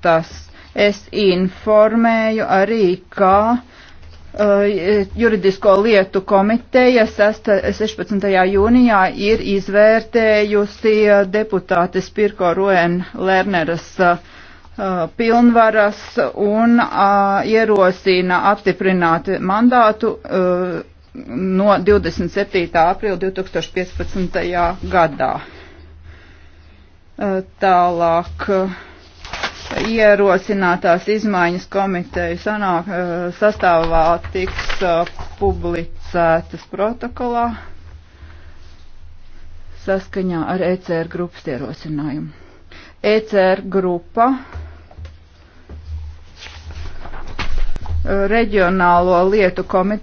lietas. Es informēju arī, ka uh, juridisko lietu komiteja 6, 16. jūnijā ir izvērtējusi uh, deputātes Pirko Ruen Lerneras uh, uh, pilnvaras un uh, ierosina apstiprināt mandātu uh, no 27. aprīļa 2015. gadā. Uh, tālāk. Uh, ierosinātās izmaiņas komiteju sanāk, eh, sastāvā tiks eh, publicētas protokolā saskaņā ar ECR grupas ierosinājumu. ECR grupa eh, reģionālo lietu komiteju